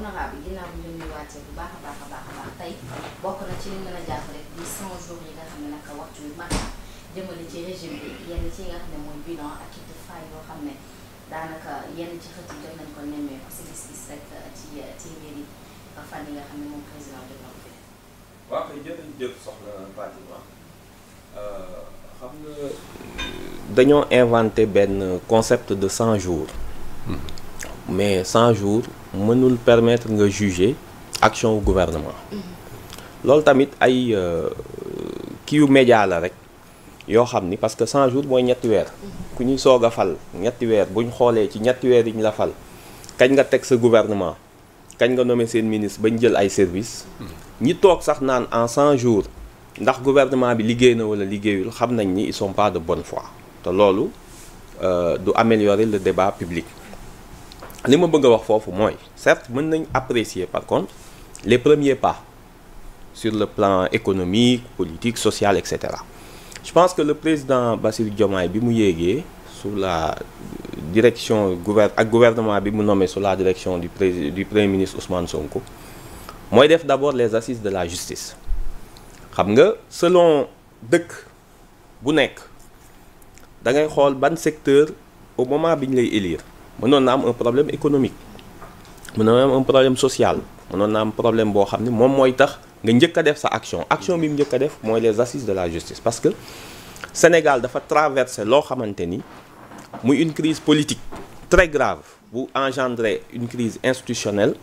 honorable ginnaaw bi ñu leen wàccee bu baax a baax a baax a bokk na ci li mën a jàppale di 100 jours yi nga xam ne naka waxtu ci régime bi yenn ci ne mooy bilan ak yenn ci nga xam ne moom président jot na ko fi. waaw kay jërëjëf soxna Fatima euh, xam euh, dañoo inventé benn concept de cent jours. Hmm. mais 100 jours mënul permettre nga juger action au gouvernement mm-hmm. loolu tamit ay euh, kiiw média la rek yoo xam ni parce que 100 jours mooy ñetti weer mm-hmm. ku ñuy soog a fal ñetti weer buñ xoolee ci ñetti weer yi ñu la fal kañ nga teg sa gouvernement kañ nga nommé seen ministre bañ jël ay service mm-hmm. ñi toog sax naan en 100 jour ndax gouvernement bi liggéey na wala liggéeyul xam nañ ni ils sont pas de bonne foi te loolu euh, du améliorer le débat public li ma bëgg a wax foofu mooy certes mën nañ apprécier par contre les premiers pas sur le plan économique politique social et cetera je pense que le président Bassirou Diomaye bi mu yéegee sur la direction gouver ak gouvernement bi mu nommé sous la direction du pré du premier ministre Ousmane Sonko mooy def d'abord les assises de la justice xam nga selon dëkk bu nekk da ngay xool ban secteur au moment bi ñu lay élire mënoon am un problème économique mënoon na am un problème social mënoon na am problème boo xam ne moom mooy tax nga njëkk def sa action action bi mu njëkk a def mooy les assises de la justice parce que Sénégal dafa traverse loo xamante ni muy une crise politique très grave bu engendrer une crise institutionnelle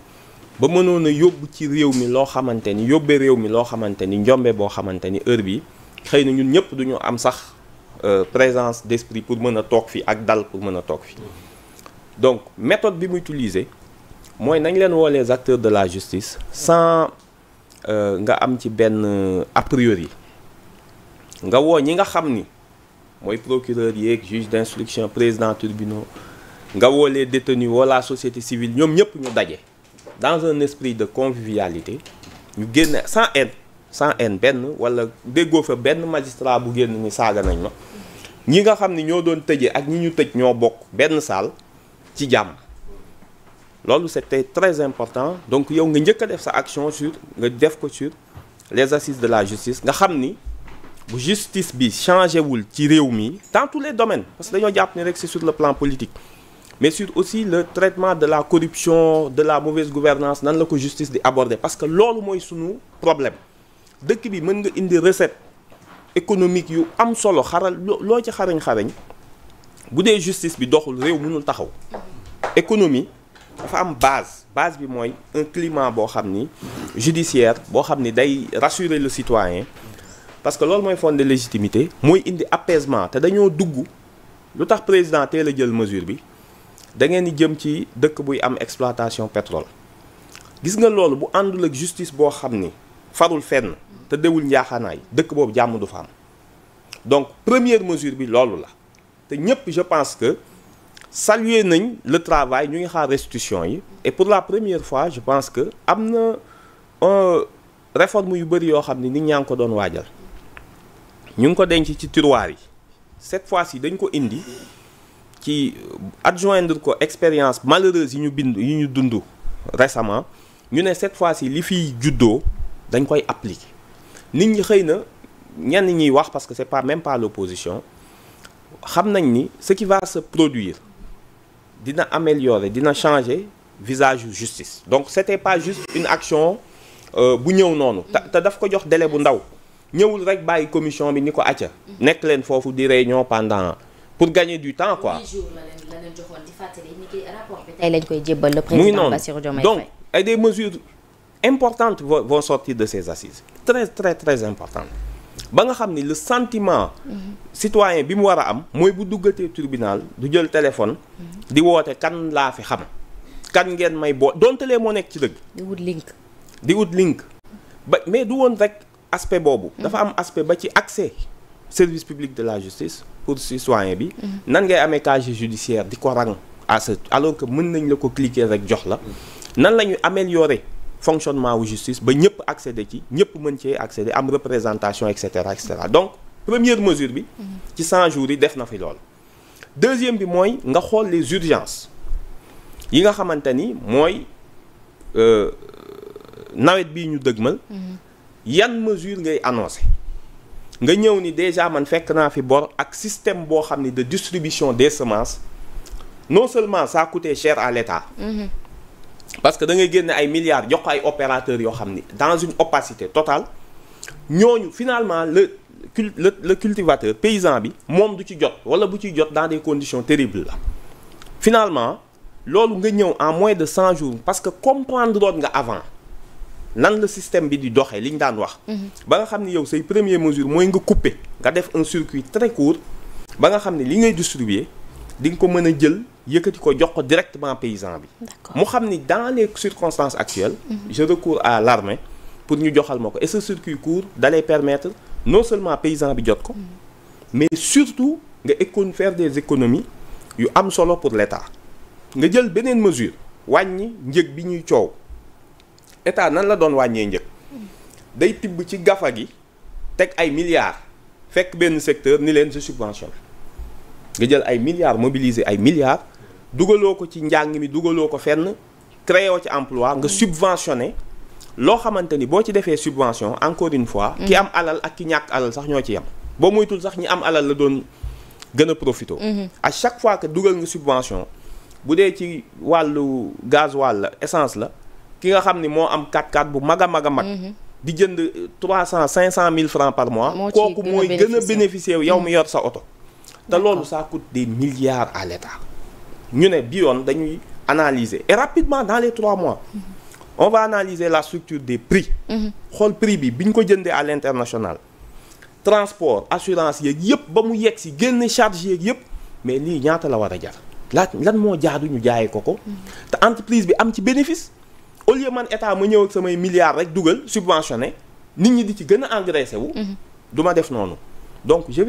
ba mënoon a yóbbu ci réew mi loo xamante ni yóbbee réew mi loo xamante ni njombe boo xamante ni heure bi xëy na ñun ñëpp duñu am sax euh, présence d'esprit pour mën a toog fi ak dal pour mën a toog fi donc méthode bi mu utiliser mooy nañ leen woo les acteurs de la justice sans euh, nga am ci benn a priori nga woo ñi nga xam ni mooy procureur yeeg juge d'instruction président tribunal nga woo les détenus walla la société civile ñoom ñëpp ñu daje dans un esprit de convivialité ñu génne sans haine sans haine benn wala déggoo fa benn magistrat bu génn ni saaga nañ ma ñi nga xam ni ñoo doon tëje ak ñi ñu tëj ñoo bokk benn salle ci jàmm loolu c'était très important donc yow nga njëkk def sa action sur nga def ko sur les assises de la justice nga xam ni bu justice bi changé wul ci réew mi dans tous les domaines parce que dañoo jàpp ni rek c'est sur le plan politique mais sur aussi le traitement de la corruption de la mauvaise gouvernance nan la ko justice di aborder parce que loolu mooy sunu problème dëkk bi mën nga indi recette économique yu am solo xaral loo ci xarañ xarañ bu dee justice bi doxul réew mënul taxaw économie dafa am base base bi mooy un boo xam ni judiciaire boo xam ni day rassurer le citoyen parce que loolu mooy fonde de légitimité mooy indi apaisement te dañoo dugg lu tax président teel a jël mesure bi da ngeen di jëm ci dëkk buy am exploitation pétrole gis nga loolu bu àndul ak justice boo xam ni farul fenn te dewul njaaxaanaay dëkk boobu jàmm du fa am donc première mesure bi loolu la te ñëpp je pense que saluer nañ le travail ñu ngi xaar restitution yi et pour la première fois je pense que am na euh, réforme yu bëri yoo xam ne nit ñaa ngi ko doon waajal ñu ngi ko denc ci tiroir yi cette fois yi dañ ko indi ci adjoindre ko expérience malheureuse yi ñu bind yi ñu dund récemment ñu ne cette fois yi li fiy juddoo dañ koy appliquer nit ñi xëy na ñenn ñiy wax parce que c'est pas même pas l'opposition xam nañ ni ce qui va se produire dina améliorer dina changer visage justice donc c'était pas juste une action euh, bu ñëw noonu te daf ko jox délai bu ndaw ñëwul rek bàyyi commission bi ni ko acca nekk leen foofu di réunion pendant pour gagner du temps quoi mu ngi noonu donc et des mesures importantes vont sortir de ces assises très très très importantes ba nga xam ni le sentiment citoyen bi mu war a am mooy bu duggatee tribunal du jël téléphone di woote kan laa fi xam kan ngeen may boo dontalee moo nekk ci dëgg di wut link di wut link ba mais du woon rek aspect boobu mm-hmm. dafa am aspect ba ci accès service public de la justice pour citoyen bi mm-hmm. nan ngay amee casier judiciaire di ko rang à alors que mën nañ la ko cliquer rek jox la nan la ñu améliorer fonctionnement wu justice ba ñëpp accéder ci ñëpp mën cee accéder am représentation et cetera et cetera donc première mesure bi. Mhm. ci 100 jour yi def na fi lool. deuxième bi mooy nga xool les urgences yi nga xamante ni mooy euh, nawet bi ñu dëgmal. Mhm. yan mesure ngay annoncé. nga ñëw ni déjà man fekk naa fi bor ak système boo xam ni de distribution des semence non seulement ça a cher à l'État. Mhm. parce que da ngay génne ay milliards jox ko ay opérateurs yoo xam ni dans une opacité totale ñooñu finalement la le le cultivateur paysan bi moom du ci jot wala bu ci jot dans des conditions terribles la finalement loolu nga ñëw en mois de cent jour parce que comprendre doon nga avant nan la système bi di doxee li ñu daan wax. Mhm. ba nga xam ne yow say premier mesure mooy nga couper nga def un circuit très court ba nga xam ne li ngay distribuer di nga ko mën a jël. yëkkati ko jox ko directement paysan bi. mu xam ni dans les circonstances actuelles. Mhm. je recours à l'armée pour ñu joxal ma ko et ce circuit court dalay permettre non seulement paysan bi jot ko. Mhm. mais surtout nga ekoon faire des économies yu am solo pour l'État nga jël beneen mesure wàññi njëg bi ñuy coow État nan la doon wàññee njëg. Mhm. day tibb ci gafa gi teg ay milliards fekk benn secteur ni leen subvention nga jël ay milliards mobiliser ay milliards. dugaloo ko ci njàng mi dugaloo ko fenn créé ci emploi nga mm-hmm. subventionné loo xamante ni boo ci defee subvention encore une fois. ki mm-hmm. am alal ak ki ñàkk alal sax ñoo ci yem. boo moytul sax ñi am alal la doon gën a profité. Mm-hmm. à chaque fois que dugal nga subvention bu dee ci wàllu gasoil la essence la ki nga xam ni moo am 4 x bu mag a mag a mag. di jënd trois cent cinq cent mille francs par mois. kooku mooy gën a bénéficier yow mi yor sa oto. te loolu ça coûte des milliards ñu ne bi yoon dañuy analyser et rapidement dans les trois mois mm-hmm. on va analyser la structure des prix mm-hmm. xool prix bi bi ñu ko jëndee à l'international transport assurance yeeg yëpp ba mu yegg si génn charge yeeg yëpp mais lii ñaata la war a jar laaj lan moo jaadu ñu jaaye ko ko mm-hmm. te entreprise bi am ci bénéfice au lieu man état ma ñëw ak samay milliards rek dugal subventionné nit ñi di ci gën a engraissé wu du ma def noonu donc je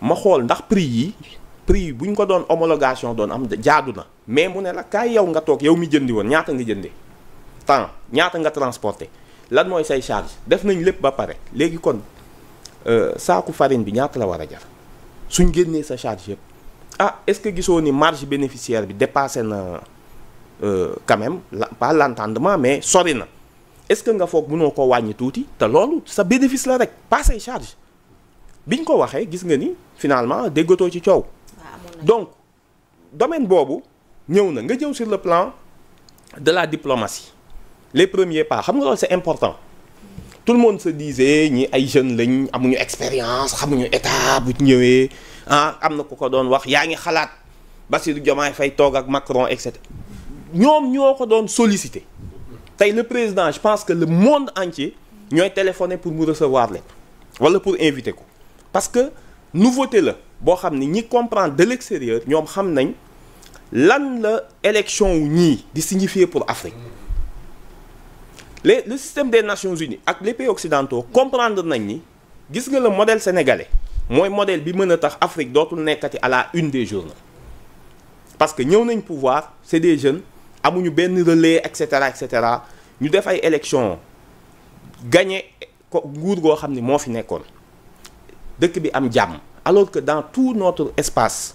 ma xool ndax prix yi prix bu ñu ko doon homologation doon am jaadu na mais mu ne la kaay yow nga toog yow mi jëndi woon ñaata nga jëndee temps ñaata nga transporté lan mooy say charge def nañ lépp ba pare léegi kon euh, saaku farine bi ñaata la war a jar suñ génnee sa charge yëpp ah est-ce que gisoo ni marge bénéficiaire bi dépassé na euh, quand même la pas l'entendement mais sori na est-ce que nga foog mënoo ko wàññi tuuti te loolu sa bénéfice la rek pas say charge biñ ko waxee gis nga ni finalement déggatoo ci coow. donc domaine boobu ñëw na nga ñëw sur le plan de la diplomatie les premier pas xam nga loolu c'est important tout le monde se disait ñi ay jeunes lañ amuñu expérience xam xamuñu état bu ñëwee ah am na ku ko doon wax yaa ngi xalaat Bassirou Diomaye fay toog ak Macron et cetera ñoom ñoo ko doon solliciter tey le président je pense que le monde entier ñooy téléphoner pour mu recevoir leen wala pour inviter ko parce que nouveauté la boo xam ni ñi comprendre de l'extérieur ñoom xam nañ lan la élection wu ñii di signifier pour Afrique les le système des Nations Unies ak les pays occidentaux comprendre nañ ni gis nga la modèle sénégalais mooy modèle bi mën a tax Afrique dootul nekkati à la une des journaux parce que ñëw nañ pouvoir c'est des jeunes amuñu benn relais et cetera cetera ñu def ay élections gagné ko nguur goo xam ni moo fi nekkoon dëkk bi am jàmm. alors que dans tout notre espace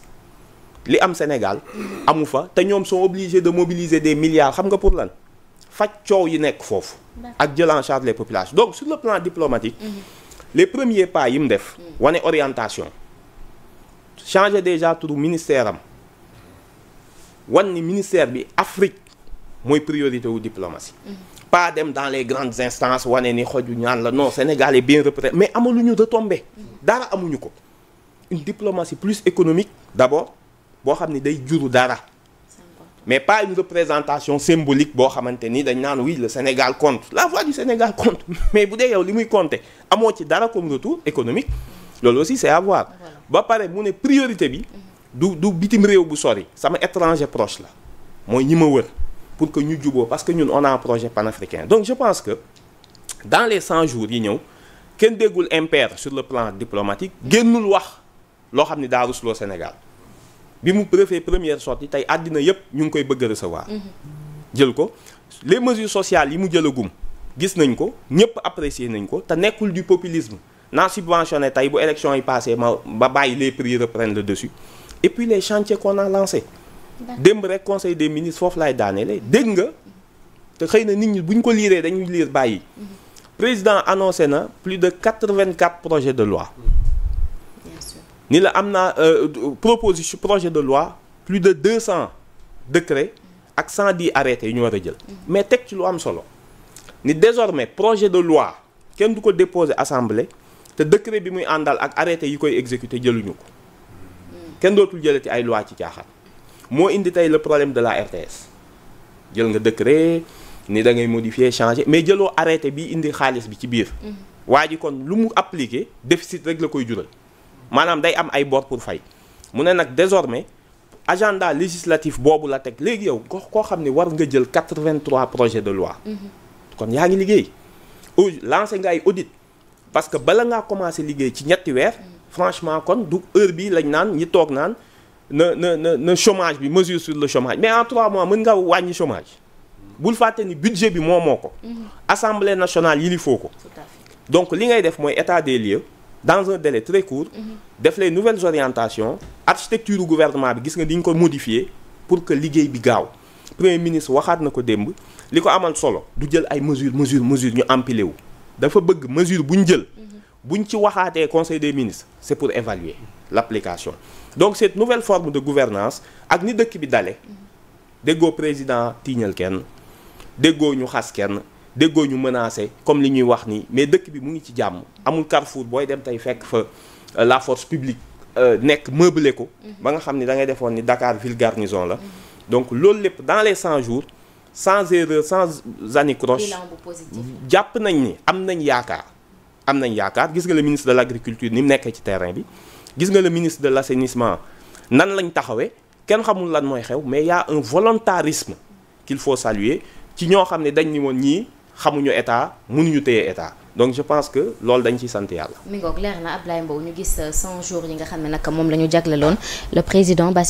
li am Sénégal amu fa te ñoom soo obligés de mobiliser des milliards xam nga pour lan faj coow yi nekk foofu ak jël en charge les populations donc sur le plan diplomatique mhm. les premiers pas yi mu def mhm. wane orientation changer déjà turu ministère am wan ni ministère bi Afrique mooy priorité wu diplomatie mhm. pas dem dans les grandes instances wane ni xoju ñaan la non Sénégal est bien représenté mais amalu amaluñu retombé dara amuñu ko une diplomatie plus économique d'abord boo xam ni day juru dara mais pas une représentation symbolique boo xamante ni dañ naan oui le Sénégal compte la voix du Sénégal compte mais bu dee yow li muy compter amoo ci dara comme retour économique loolu aussi c'est à voir ba pare mu ne priorité bi du du bitim réew bu sori sama étranger proche la mooy ñi ma wër pour que ñu juboo parce que ñun on a un projet panafricain donc je pense que dans les 100 jours yi ñëw kenn déggul impair sur le plan diplomatique génnul wax loo xam ni daa rusloo Sénégal bi mu refee première sortie tey àddina yëpp ñu ngi koy bëgg a mhm. jël ko les mesures sociales yi mu jëlagum gis nañ ko ñëpp apprécier nañ ko te nekkul du populisme naa subventionné tey bu élection yi passé ma ba bàyyi les prix reprendre le dessus et puis les chantiers qu'on a lancé démb rek conseil des ministres foofu laay daaneele dégg nga te xëy na nit ñi bu ñu ko liiree dañuy liir bàyyi mhm. président annoncé na plus de quatre-vingt-quatre projets de loi ni la am naa euh, proposition projet de loi plus de deux cent décrets ak cent dix arrêtés yu ñu war a jël mais teg ci lu am solo ni désormais projet de loi kenn du ko déposer assemblée te décret bi muy àndal ak arrêté yi koy exécuter jëluñu ko kenn dootul jëlee ci ay loi ci caaxaan moo indi tey le problème de la RTS jël nga décret ni da ngay modifier changer mais jëloo arrêté bi indi xaalis bi ci biir mm-hmm. waa ji kon lu mu appliquer déficit rek la koy jural maanaam day am ay bor pour fay mu ne nag désormais agenda législatif boobu la teg léegi yow ko koo xam ni war nga jël 83 projets de loi mhm. kon yaa ngi liggéey au lancé nga ay audit parce que bala ngaa commencé liggéey ci ñetti weer mhm. franchement kon du heure bi lañ naan ñi toog naan na na na na chômage bi mesure sur le chômage mais en trois mois mën nga wàññi chômage bul fàtte ni budget bi moomoo ko mhm. assemblée nationale yilifoo ko donc li ngay def mooy état des lieux dans un délai très court mhm. def les nouvelles orientations architecture gouvernement bi gis nga diñ ko modifier pour que liggéey bi gaaw premier ministre waxaat na ko démb li ko amal solo du jël ay mesures mesures mesures ñu empilé wu dafa bëgg mesure bu ñu jël bu mhm. buñ ci waxaatee conseil des ministres c'est pour évaluer l'application donc cette nouvelle forme de gouvernance ak ni dëkk bi dale mhm. déggoo président tiiñal kenn déggoo ñu xas kenn déggoo ñu menacé comme li ñuy wax nii mais dëkk bi mu ngi ci jàmm amul Carrefour booy dem tey fekk fa euh, la force publique euh, nekk meublé ko. Mhm. ba nga xam ni da ngay defoon ni Dakar ville garnison la. donc loolu lépp dans les 100 jours sans erreur sans anicroche jàpp nañ ni am nañ yaakaar am nañ yaakaar gis nga le ministre de l' agriculture ni mu nekkee ci terrain bi gis nga le ministre de l' assainissement nan lañ taxawee kenn xamul lan mooy xew mais y' a un volontarisme qu'il faut saluer ci ñoo xam ne dañ woon ñii xamuñu état mënuñu téye état donc je pense que loolu dañ ciy sant yàlla. mi ngoog leer na Ablaye Mbow ñu gis 100 jours yi nga xam ne nag moom la ñu jagleloon le président Bassirou